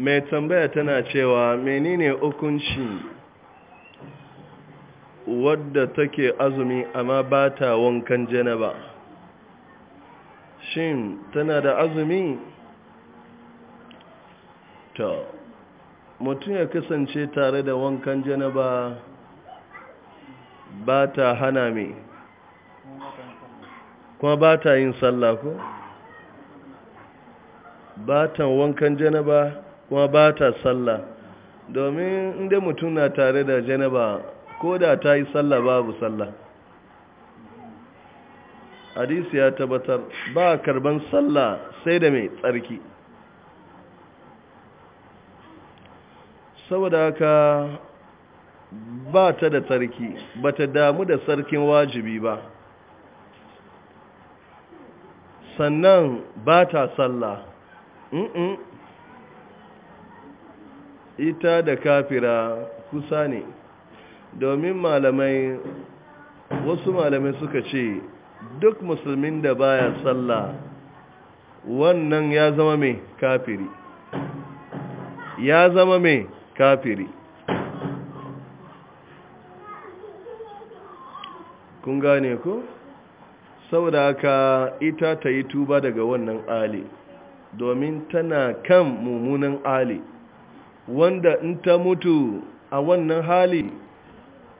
mai tambaya tana cewa menene hukunci wadda take azumi amma ba ta wankan janaba shin tana da azumi ta mutum ya kasance tare da wankan janaba ba ta hana mai kuma ba ta yin sallah ko ba ta wankan janaba kuma ba ta sallah domin inda mutum na tare da janaba ko da ta yi sallah babu sallah hadisi ya tabbatar ba karban sallah sai da mai tsarki saboda haka ba ta da tsarki ba ta damu da tsarkin wajibi ba sannan ba ta sallah ita da kafira kusa ne domin malamai wasu malamai suka ce duk musulmin da baya sallah wannan ya zama mai kafiri ya zama mai kafiri kun gane ku saboda haka ita ta yi tuba daga wannan ali domin tana kan mummunan ali wanda in ta mutu a wannan hali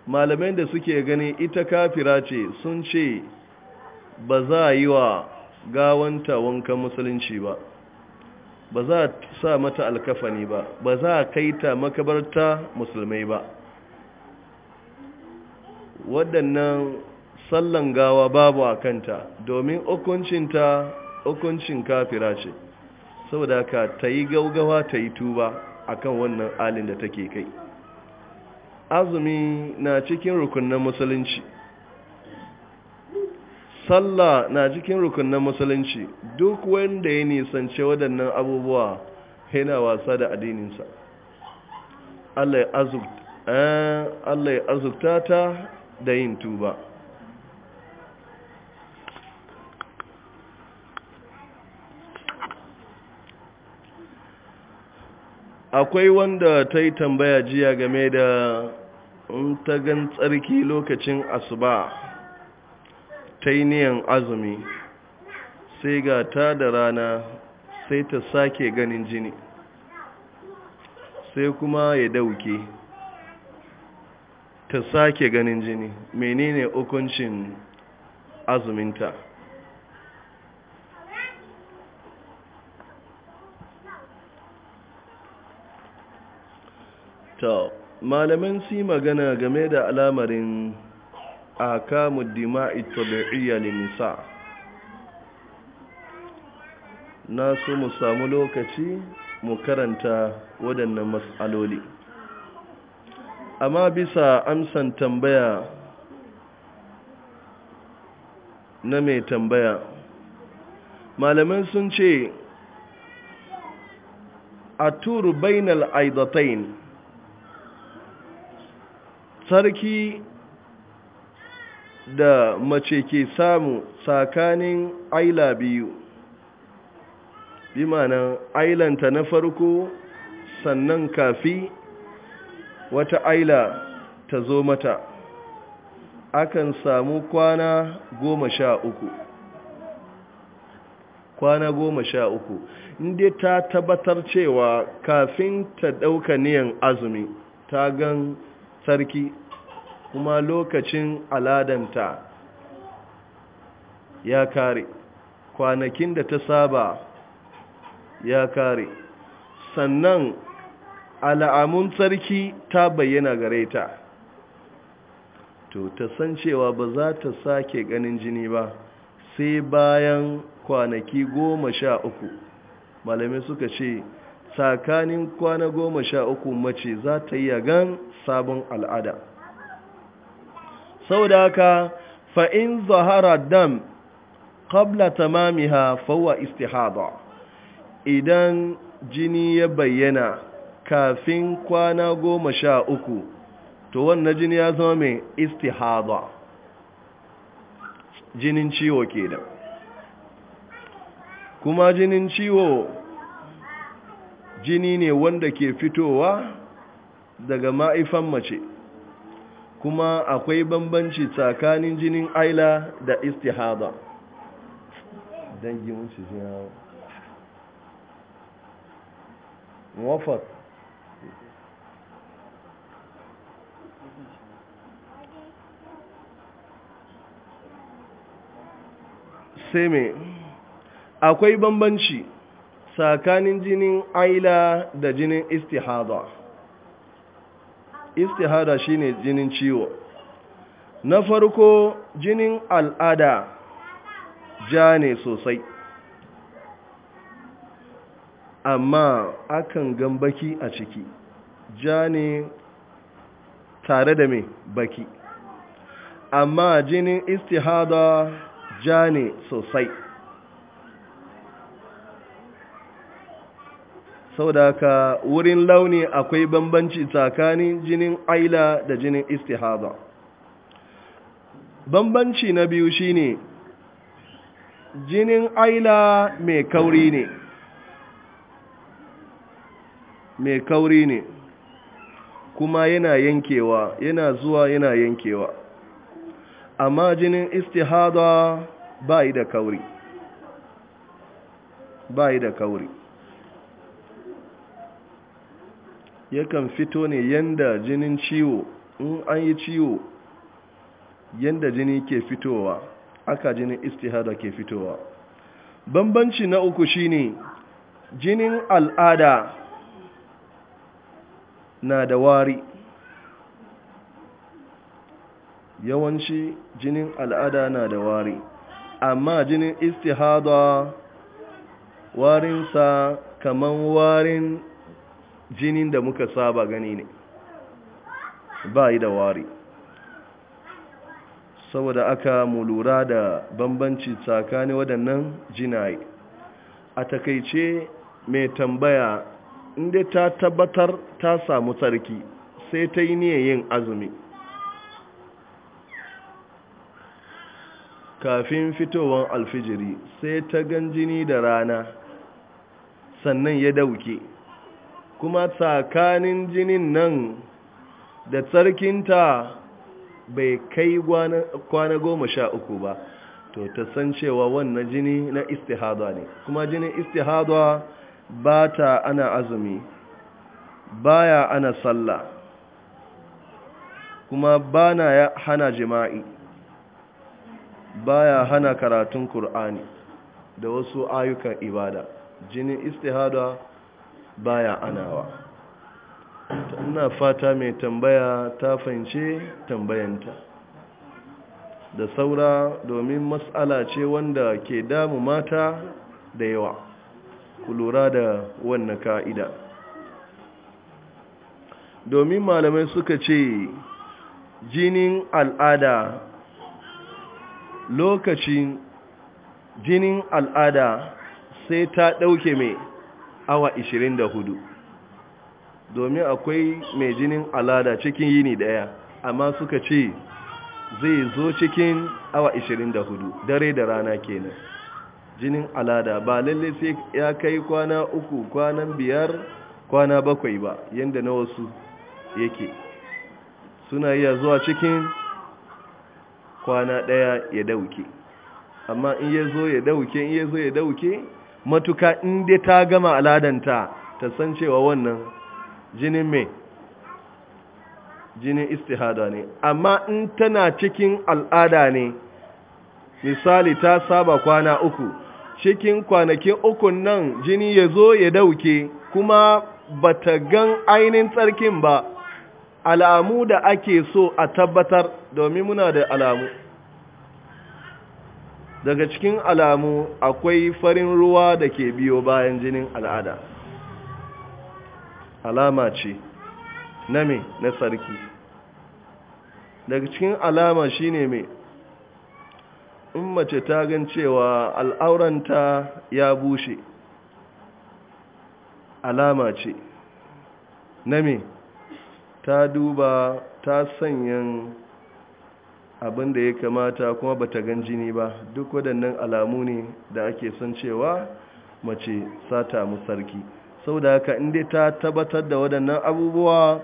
malamai da suke gani ita kafira ce sun ce ba za a yi wa gawanta wanka musulunci ba ba za a sa mata alkafani ba ba za a kai ta makabarta musulmai ba waɗannan sallan gawa babu a kanta domin hukuncinta hukuncin kafira ce saboda ka ta yi gaugawa ta yi tuba akan wannan alin da take kai azumi na cikin rukunin musulunci sallah na cikin rukunin musulunci duk wanda ya nisance waɗannan abubuwa yana wasa da addininsa Allah ya azubta eh, ta da yin tuba akwai wanda ta yi tambaya jiya game da ta gan tsarki lokacin asuba ta yi niyan azumi sai ga ta da rana sai ta sake ganin jini sai kuma ya dauke ta sake ganin jini menene hukuncin azuminta to malamin si magana game da alamarin kamun dima'i tabi'iyya ne nisa na so mu samu lokaci mu karanta waɗannan matsaloli amma bisa amsan tambaya na mai tambaya malaman sun ce a turu bainal aidatain sarki da mace ke samu tsakanin aila biyu bi mana ailanta na farko sannan kafi wata aila ta zo mata akan samu kwana goma sha uku kwana goma sha uku inda ta tabbatar cewa kafin ta ɗauka niyan azumi ta gan sarki kuma lokacin aladanta ya kare kwanakin da ta saba ya kare sannan al'amun tsarki ta bayyana gare ta to ta san cewa ba za ta sake ganin jini ba sai bayan kwanaki goma sha uku malami suka ce tsakanin kwana goma sha uku mace za ta yi gan sabon al'ada saboda haka fa in zahara dam ta tamamiha fawa istihada idan jini ya bayyana kafin kwana goma sha uku to wannan jini ya zama mai istihada jinin ciwo ke da kuma jinin ciwo jini ne wanda ke fitowa daga ma'ifan mace kuma akwai bambanci tsakanin jinin aila da istihada dangi mun ci jina muwafat sai akwai bambanci tsakanin jinin aila da jinin istihada istihada shine jinin ciwo na farko jinin al'ada ja ne sosai amma akan gan baki a ciki ja ne tare da mai baki amma jinin istihada ja ne sosai saboda ka wurin launi akwai bambanci tsakanin jinin aila da jinin istihaba bambanci na biyu shine jinin aila mai kauri ne mai kauri ne kuma yana yankewa yana zuwa yana yankewa amma jinin istihada ba da kauri ba da kauri yakan fito ne yanda jinin ciwo in an yi ciwo yanda jini ke fitowa aka jinin istihada ke fitowa bambanci na uku shine jinin al'ada na da wari yawanci jinin al'ada na da wari amma jinin istihada warinsa kaman warin jinin da muka saba gani ne ba yi da wari saboda aka mu lura da bambanci tsakanin waɗannan jinaye a takaice mai tambaya inda ta tabbatar ta samu tsarki sai ta yi niyan yin azumi kafin fitowar alfijiri sai ta gan jini da rana sannan ya dauke kuma tsakanin jinin nan da tsarkinta bai kai kwana goma sha uku ba to ta san cewa wannan jini na istihadwa ne kuma jinin istihadwa ba ta ana azumi baya ana sallah kuma ba na hana jima'i baya hana karatun Kur'ani da wasu ayyukan ibada jinin istihadwa baya anawa ina fata mai tambaya ta fahimce tambayanta da saura domin matsala ce wanda ke damu mata da yawa ku lura da wannan ka'ida domin malamai suka ce jinin al'ada lokacin jinin al'ada sai ta ɗauke mai awa 24 domin akwai mai jinin alada cikin yini daya amma suka ce zai zo cikin awa 24 dare da rana kenan jinin alada ba lalle sai ya kai kwana uku kwanan biyar kwana bakwai ba yadda na wasu yake suna iya zuwa cikin kwana ɗaya ya dauke amma in ya zo ya dauke in ya zo ya dauke matuka inda ta gama aladanta ta san cewa wannan jinin mai jinin istihada ne amma in tana cikin al'ada ne misali ta saba kwana uku cikin kwanakin ukun nan jini ya zo ya dauke kuma bata gan ainihin tsarkin ba alamu da ake so a tabbatar domin muna da alamu daga cikin alamu akwai farin ruwa da ke biyo bayan jinin al'ada alama ce na me na sarki daga cikin alama shine me in mace ta gan cewa al'auranta ya bushe alama ce na me ta duba ta sanyan abin da ya kamata kuma ba ta gan jini ba duk waɗannan alamu ne da ake son cewa mace sata mu sarki da haka inda ta tabbatar da waɗannan abubuwa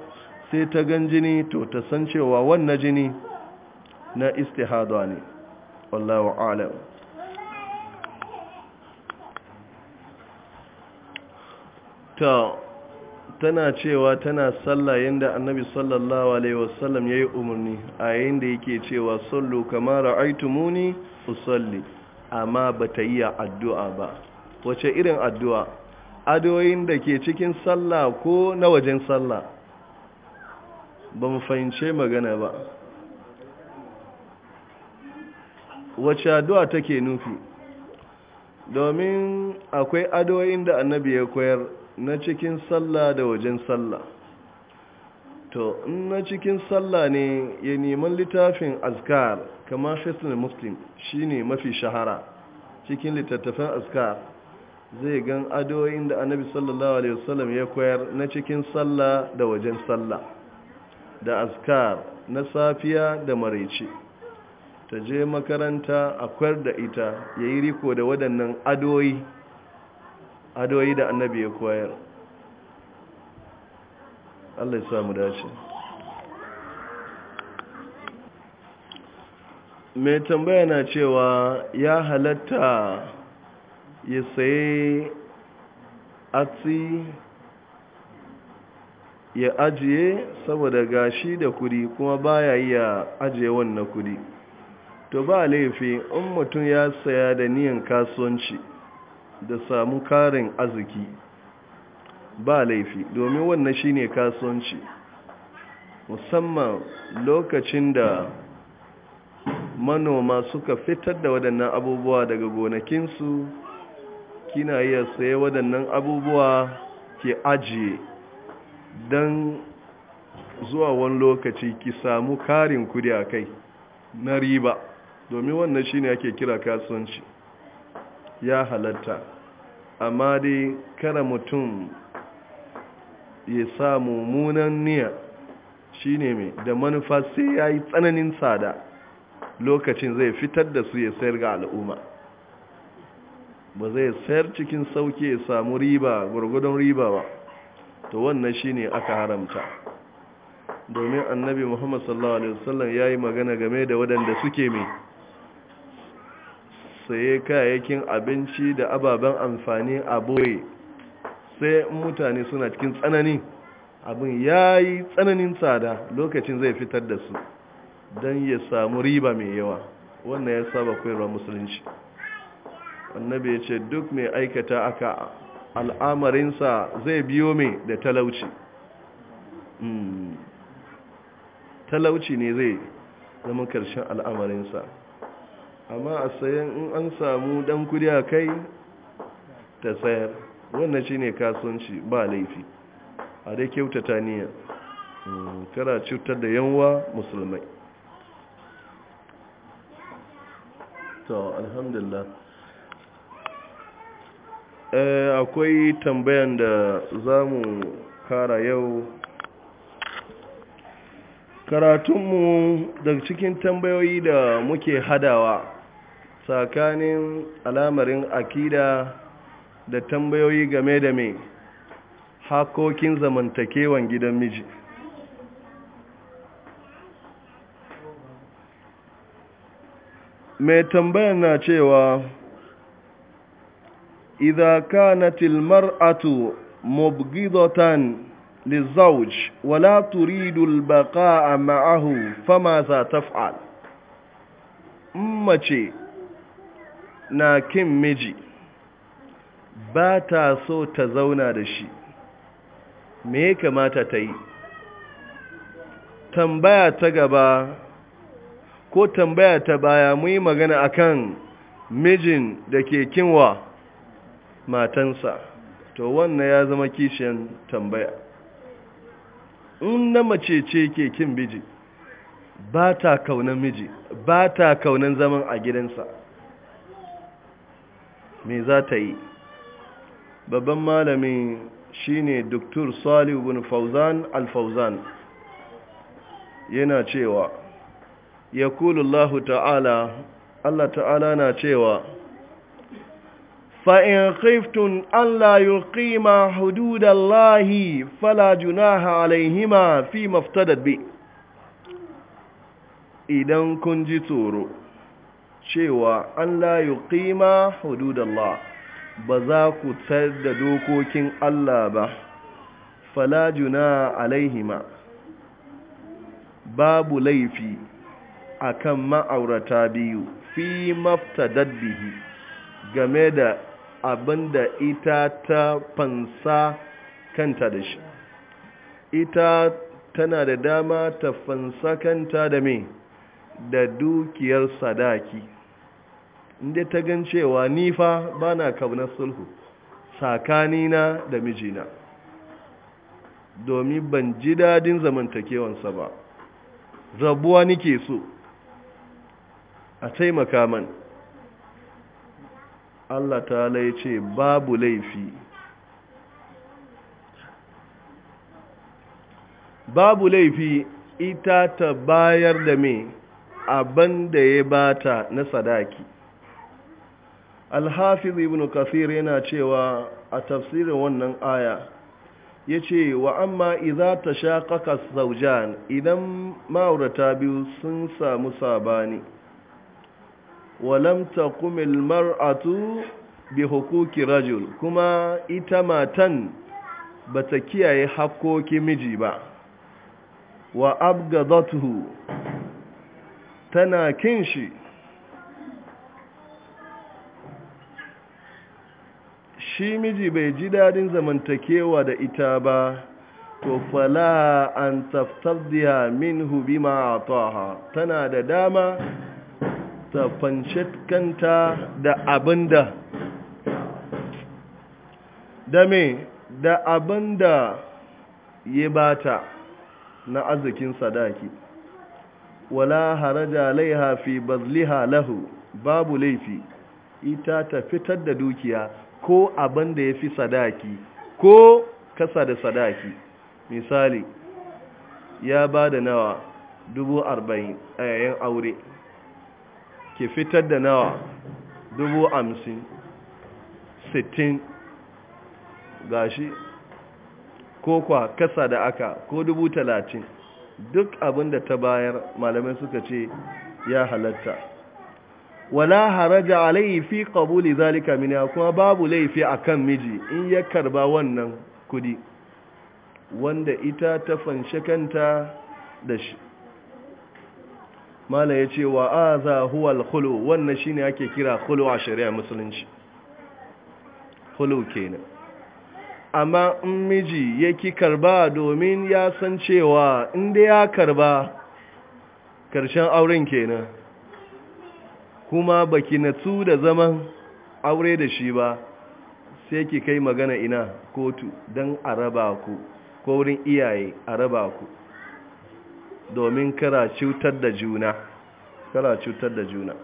sai ta gan jini to ta san cewa wannan jini na istihadwa ne wallawa alam ta tana cewa tana sallah yadda annabi sallallahu alaihi wasallam ya yi umarni a yayin da yake cewa sallu Muni su usalli amma ba ta yi addu'a ba wace irin addu'a adoyin da ke cikin sallah ko na wajen sallah ba mu fahimce magana ba wace addu'a take nufi domin akwai adoyin da annabi ya koyar na cikin sallah da wajen sallah to na cikin sallah ne ya neman littafin azkar kamar fesin muslim shine mafi shahara cikin littattafan azkar zai gan adoyin da annabi sallallahu alaihi wasallam ya koyar na cikin sallah da wajen sallah da azkar na safiya da maraice ta je makaranta a kwar da ita ya yi riko da waɗannan adoyi adoyi da annabi ya koyar Allah ya samu dace mai tambaya na cewa ya halatta ya saye atsi ya ajiye saboda gashi da kudi kuma ba baya iya ajiye wannan kudi to ba laifi in mutum ya saya da niyan kasuwanci da samu karin arziki ba laifi domin wannan shine kasuwanci musamman lokacin da manoma suka fitar da waɗannan abubuwa daga gonakinsu kina iya saye waɗannan abubuwa ke ajiye don zuwa wani lokaci ki samu karin kudi a kai na riba domin wannan shine ake kira kasuwanci ya halatta amma dai kada mutum ya sa mummunan niyya shi ne mai da manufa sai ya yi tsananin tsada lokacin zai fitar da su ya sayar ga al'umma ba zai sayar cikin sauki ya samu riba gurgudun riba ba to wannan shi ne aka haramta domin annabi muhammad sallallahu alaihi wasallam ya yi magana game da waɗanda suke mai saye kayayyakin abinci da ababen amfani a boye sai mutane suna cikin tsanani abin ya yi tsananin tsada lokacin zai fitar da su don ya samu riba mai yawa wannan ya saba koyarwa musulunci annabi ya ce duk mai aikata aka al'amarinsa zai biyo mai da talauci hmm. talauci ne zai zama karshen al'amarinsa amma a sayan in an samu dan kudi a kai ta sayar wannan shi ne kasuwanci ba laifi a dai kyautata niyya hmm, kara cutar da yanwa musulmai to alhamdulillah eh, akwai tambayan da za mu kara yau karatunmu daga cikin tambayoyi da muke hadawa tsakanin alamarin akida da tambayoyi game da mai hakokin zamantakewan gidan miji mai tambayar na cewa idan idha kanatil tilmaratu mubghidatan Lizauj, wala baka a ma'ahu fama za fa'al mace na kin miji ba ta so ta zauna da shi me ya kamata ta yi tambaya ta gaba ko tambaya ta baya mu yi magana akan mijin da ke kinwa matansa to wannan ya zama kishiyan tambaya in na mace ce ke kin miji ba ta kaunan miji ba ta kaunan zaman a gidansa me za ta yi babban malamin shi ne doktor salih bin fauzan alfauzan yana cewa ya kulullahu ta'ala allah ta'ala na cewa fa’in kriftun an layo ƙima hududan lahi falajuna ha alaihima fi mafta da bi idan kun ji tsoro cewa an la yuqima hududallah ba za ku tsar da dokokin Allah ba falajuna na, alaihima babu laifi a kan ma'aurata biyu fi mafta bihi game da abin da ita ta fansa kanta da shi ita tana da dama ta fansa kanta da me da dukiyar sadaki inda ta gan cewa nifa ba na kaunar sulhu tsakanina da mijina domin ban ji dadin zamantakewansa ba rabuwa nike so a taimaka man Allah ta lai ce babu laifi babu laifi ita ta bayar da me abin da ya bata na sadaki alhafiz ibn kasir yana cewa a tafsirin wannan aya yace ce wa amma iza ta shaƙaƙa zaujan idan ma'aurata biyu sun samu sabani walam ta kumil mar'atu bi hukuki rajul kuma ita matan ba ta kiyaye hakoki miji ba wa abgazatuhu tana kinshi shi shi miji bai ji dadin zamantakewa da ita ba to fala an taftardiya minhu bima ataha tana da dama ta fance kanta da abinda da me da abinda ya bata na arzikin sadaki wala haraja laiha fi bazliha lahu babu laifi ita ta fitar da dukiya ko abin da ya fi sadaki ko kasa da sadaki misali ya ba da nawa dubu arba'in a yayin aure ke fitar da nawa dubu hamsin sittin gashi ko kwa kasa da aka ko dubu talatin duk abin da ta bayar malamai suka ce ya halatta wala haraja a fi qabuli zalika minha kuma babu laifi akan miji in ya karba wannan kudi wanda ita ta fanshe kanta da shi mala yace wa aza huwa al-khulu wannan shine ake kira khulu a shari'a musulunci khulu kenan amma in miji yake karba domin ya san cewa inda ya karba karshen auren kenan kuma baki natsu da zaman aure da shi ba sai ki kai magana ina kotu don a raba ku ko wurin iyaye a raba ku domin kara cutar da juna kara cutar da juna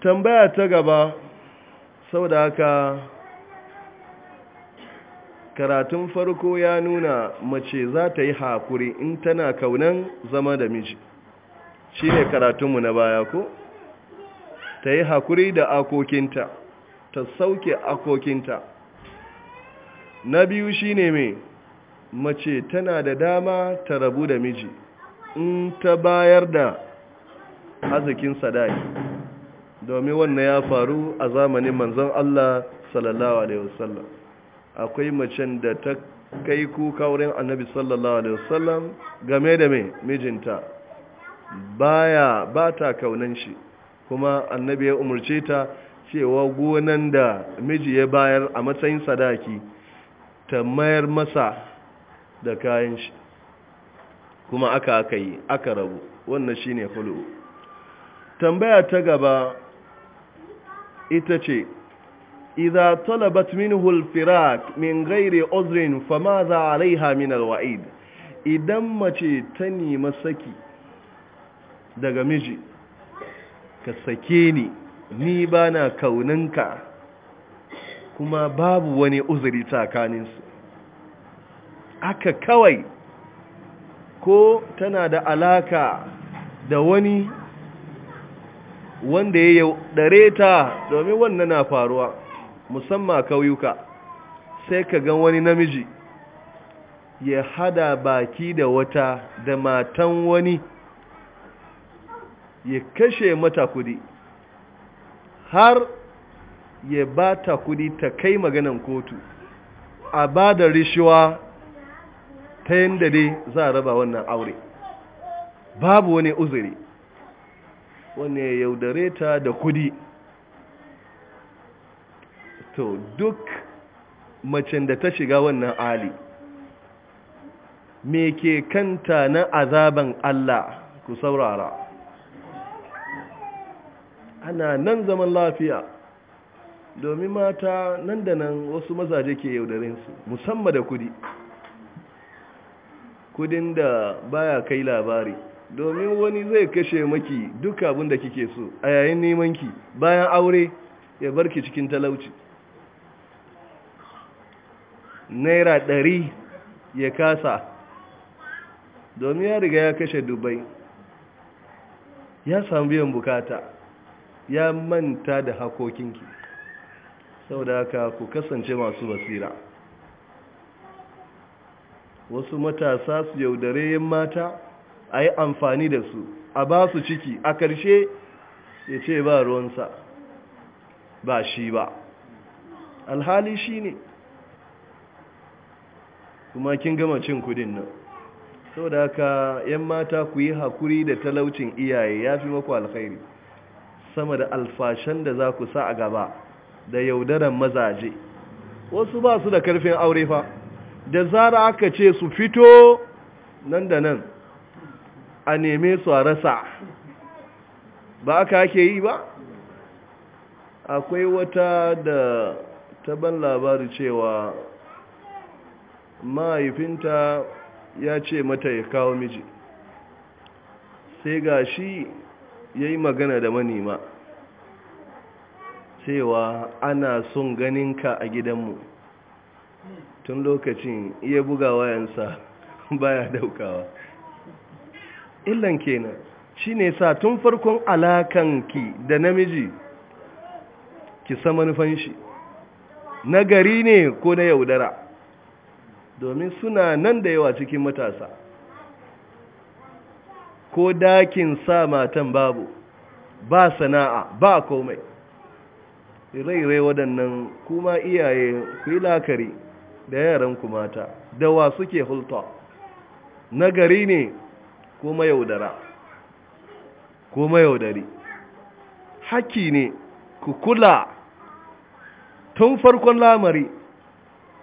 tambaya ta gaba saboda haka karatun farko ya nuna mace za ta yi haƙuri in tana kaunan zama da miji shi ne karatunmu na baya ko ta yi haƙuri da akokinta ta sauke akokinta na biyu shi ne mai mace tana da dama ta rabu da miji in ta bayar da arzikin sadaki domin wannan ya faru a zamanin manzon Allah sallallahu alaihi wasallam akwai macen da ta kai kuka wurin annabi sallallahu alaihi wasallam game da mai mijinta baya ba ta kaunan shi kuma annabi ya umarce ta cewa gonan da miji ya bayar a matsayin sadaki ta mayar masa da kayan shi kuma aka aka yi aka rabu wannan shine hulu tambaya ta gaba ita ce idza talabat minhu al min ghairi uzrin famaza alaiha min al idan mace ta nemi saki daga miji ka sake ni ni ba na kauninka kuma babu wani uzuri tsakaninsu aka kawai ko tana da alaka da wani wanda ya dare ta domin wannan na faruwa musamman kauyuka sai ka gan wani namiji ya hada baki da wata da matan wani ya kashe mata kudi har ya ba ta kudi ta kai maganan kotu a ba da rishuwa ta yadda dai za a raba wannan aure babu wani uzuri wani ya yaudare ta da kudi to duk macen da ta shiga wannan ali me ke kanta na azaban Allah ku saurara ana nan zaman lafiya domin mata nan da nan wasu mazaje ke yaudarinsu musamman da kudi kudin da baya kai labari domin wani zai kashe maki duk abin da kike so a yayin neman ki bayan aure ya barki cikin talauci naira ɗari ya kasa domin ya riga ya kashe dubai ya samu biyan bukata ya manta da hakokinki da haka ku kasance masu basira wasu matasa su yaudare yin mata a yi amfani da su a ba su ciki a ƙarshe ya ce ba ruwansa ba shi ba alhali shi ne kuma kin gama cin kudin nan Sau da haka 'yan mata ku yi haƙuri da talaucin iyaye ya fi maku alkhairi sama da alfashan da za ku sa a gaba da yaudaran mazaje wasu ba su da karfin aure fa da zara aka ce su fito nan da nan a neme su a rasa ba aka ake yi ba akwai wata da ta ban labari cewa mahaifinta ya ce mata ya kawo miji sai ga shi ya yi magana da manema cewa ana son ganinka a gidanmu tun lokacin iya bugawa yansa baya daukawa illan kenan shi ne sa tun farkon alakanki da namiji ki sa manufan shi na gari ne ko na yaudara domin suna nan da yawa cikin matasa ko dakin sa matan babu ba sana'a ba komai rairai waɗannan kuma iyaye ku yi lakari da yaranku mata da wa suke hulta nagari ne ko mayaudara ko mayaudari haki ne ku kula tun farkon lamari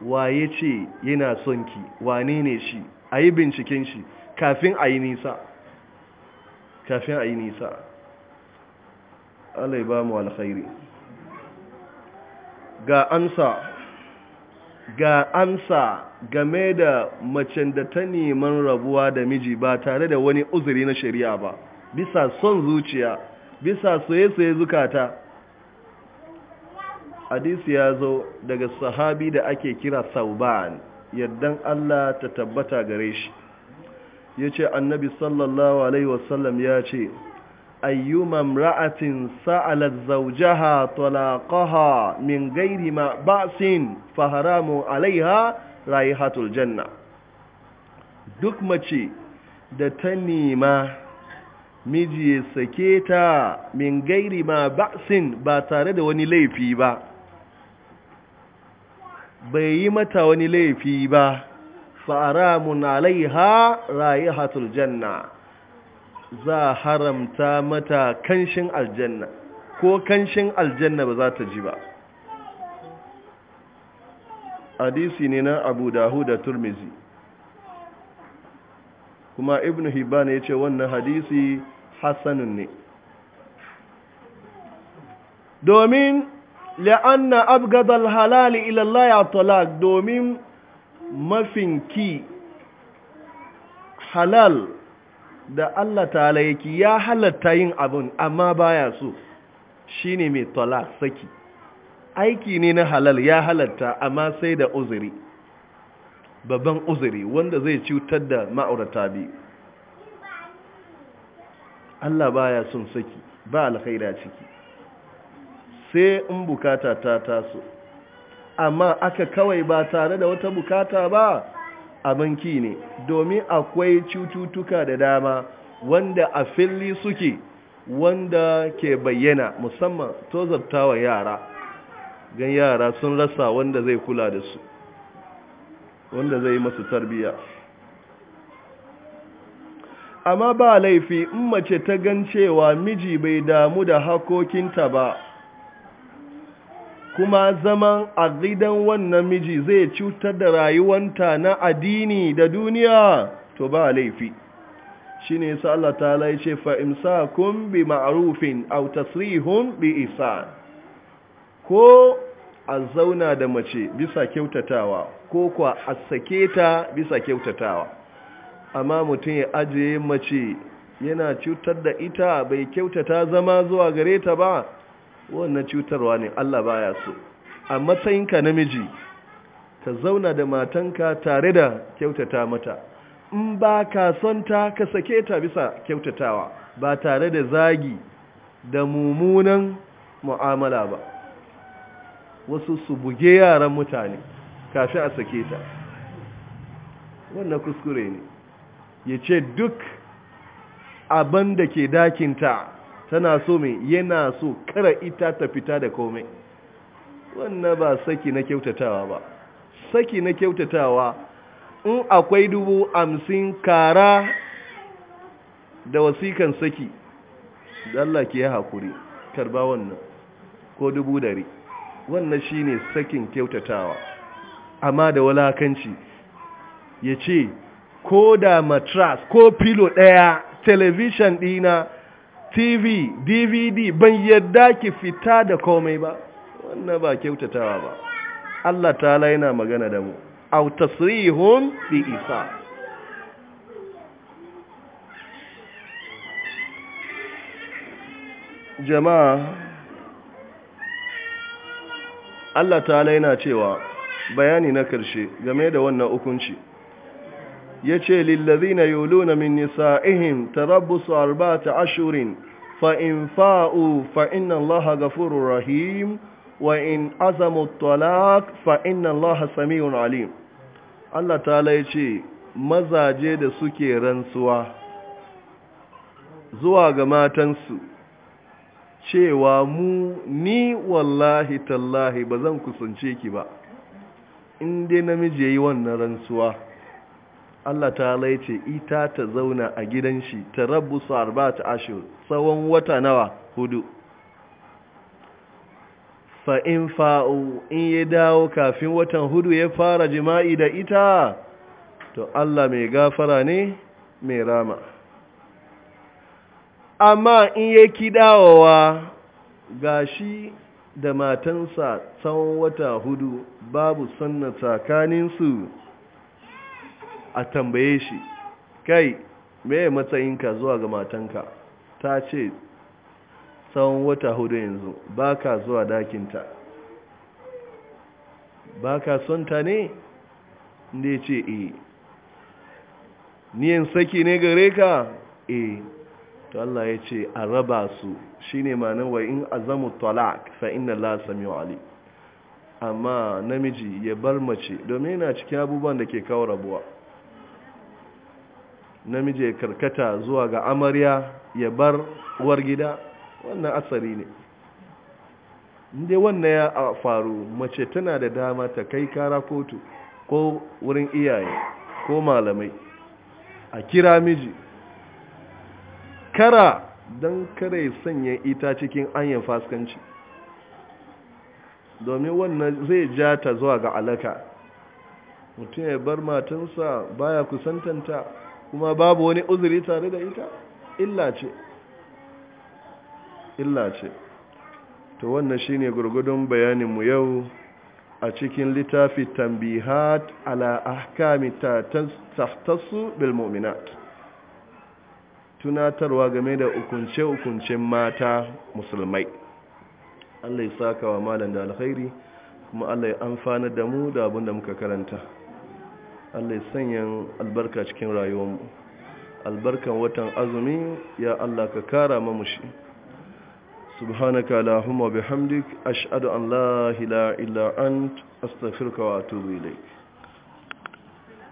waye ce yana son ki wane ne shi a yi binciken shi kafin a yi nisa kafin a yi nisa ya ba mu alkhairi ga amsa ga amsa game da macen da ta neman rabuwa da miji ba tare da wani uzuri na shari'a ba bisa son zuciya bisa soye-soye zukata hadisi ya zo daga sahabi da ake kira sauban yaddan Allah ta tabbata gare shi ya ce annabi sallallahu alaihi wasallam ya ce ayyuma ra'atin sa'alar zaujaha talaqaha min gairi ma ba'sin haramu alaiha raihatul janna duk mace da ta nema miji ya sake ta min gairi ma ba'sin ba tare da wani laifi ba bai yi mata wani laifi ba faramun alaiha rayihatul janna za haramta mata kanshin aljanna ko kanshin aljanna ba za ta ji ba hadisi ne na abu dahu da turmizi kuma ibn hibban ya ce wannan hadisi hassanun ne domin la'anna abgadal halali ilallah ya domin mafin ki halal da Allah ta yake ya halatta yin abin amma baya so shine mai tola saki aiki ne na halal ya halatta amma sai da uzuri babban uzuri wanda zai cutar da ma'aurata biyu Allah baya son saki ba alkhaira ciki sai in bukata ta taso amma aka kawai ba tare da wata bukata ba a banki ne domin akwai cututtuka da dama wanda a fili suke wanda ke bayyana musamman to wa yara gan yara sun rasa wanda zai kula da su wanda zai masu tarbiya amma ba laifi in mace ta gan cewa miji bai damu da hakokinta ba kuma zaman a gidan wannan miji zai cutar da rayuwanta na addini da duniya to ba laifi shi ne sa Allah ta lai ce kun bi ma'arufin au bi isa ko a zauna da mace bisa kyautatawa ko kwa a sake ta bisa kyautatawa amma mutum ya ajiye mace yana cutar da ita bai kyautata zama zuwa gare ta ba wannan cutarwa ne Allah ba ya so a matsayinka namiji ka zauna da matanka tare da kyautata mata in ba ka son ta ka sake ta bisa kyautatawa ba tare da zagi da mummunan mu'amala ba wasu su buge yaran mutane kafin a sake ta wannan kuskure ne ya ce duk abin da ke dakinta tana so mai yana so kara ita ta fita da komai wannan ba saki na kyautatawa ba saki na kyautatawa in akwai dubu amsin kara da wasikan saki da Allah ke haƙuri karba wannan ko dubu dari wannan shi ne sakin kyautatawa amma da walakanci ya ce ko da matras ko filo ɗaya television ɗina tv dvd ban yadda ki fita da komai ba wannan ba kyautatawa ba Allah Ta yana magana da mu aw tasrihun bi isa jama'a Allah Ta yana cewa bayani na karshe game da wannan hukunci ya ce lillazina na min nisa'ihim tarabbusu arba'ata ashurin fa in fa'u fa inna allaha ghafurur rahim wa in azamu talaq fa inna allaha samiun alim Allah ta'ala ya mazaje da suke rantsuwa zuwa ga matansu cewa mu ni wallahi tallahi ba zan kusance ki ba in dai namiji yayi wannan rantsuwa Allah ta laice ita ta zauna a gidan shi ta rabu su arba ta ashir tsawon wata nawa hudu fa'in fa'o in ya dawo kafin watan hudu ya fara jima'i da ita to Allah mai gafara ne mai rama amma in ya kidawowa ga shi da matansa tsawon wata hudu babu sannan tsakaninsu a tambaye shi kai matsayin matsayinka zuwa ga matanka ta ce tsawon wata hudu yanzu ba ka zuwa dakinta ba ka son ta ne? da ya ce e niyan saki ne gare ka e to Allah ya ce a raba su shi ne manan wa in azamu talak fa inna la sami ali amma namiji ya bar mace domin yana cikin abubuwan da ke kawo rabuwa namiji ya karkata zuwa ga amarya ya bar uwar gida wannan asari ne inda wannan ya faru mace tana da dama ta kai kara kotu ko wurin iyaye ko malamai a kira miji kara don kare sanya ita cikin anyan faskanci domin wannan zai ja ta zuwa ga alaka mutum ya bar matansa baya kusantanta kuma babu wani uzuri tare da ita illa ce illa ce to wannan shine gurgudun bayaninmu yau a cikin littafi tambihat ala ahkami tahtasu bil mu'minat tunatarwa game da ukunce-ukuncen mata musulmai Allah ya saka wa malam da alkhairi kuma Allah ya amfana da mu da abinda muka karanta Allah ya albarka cikin rayuwarmu albarkan watan azumi ya Allah ka kara mamu shi subhanaka allahumma bihamdik ashhadu an la ilaha illa ant astaghfiruka wa atubu ilayk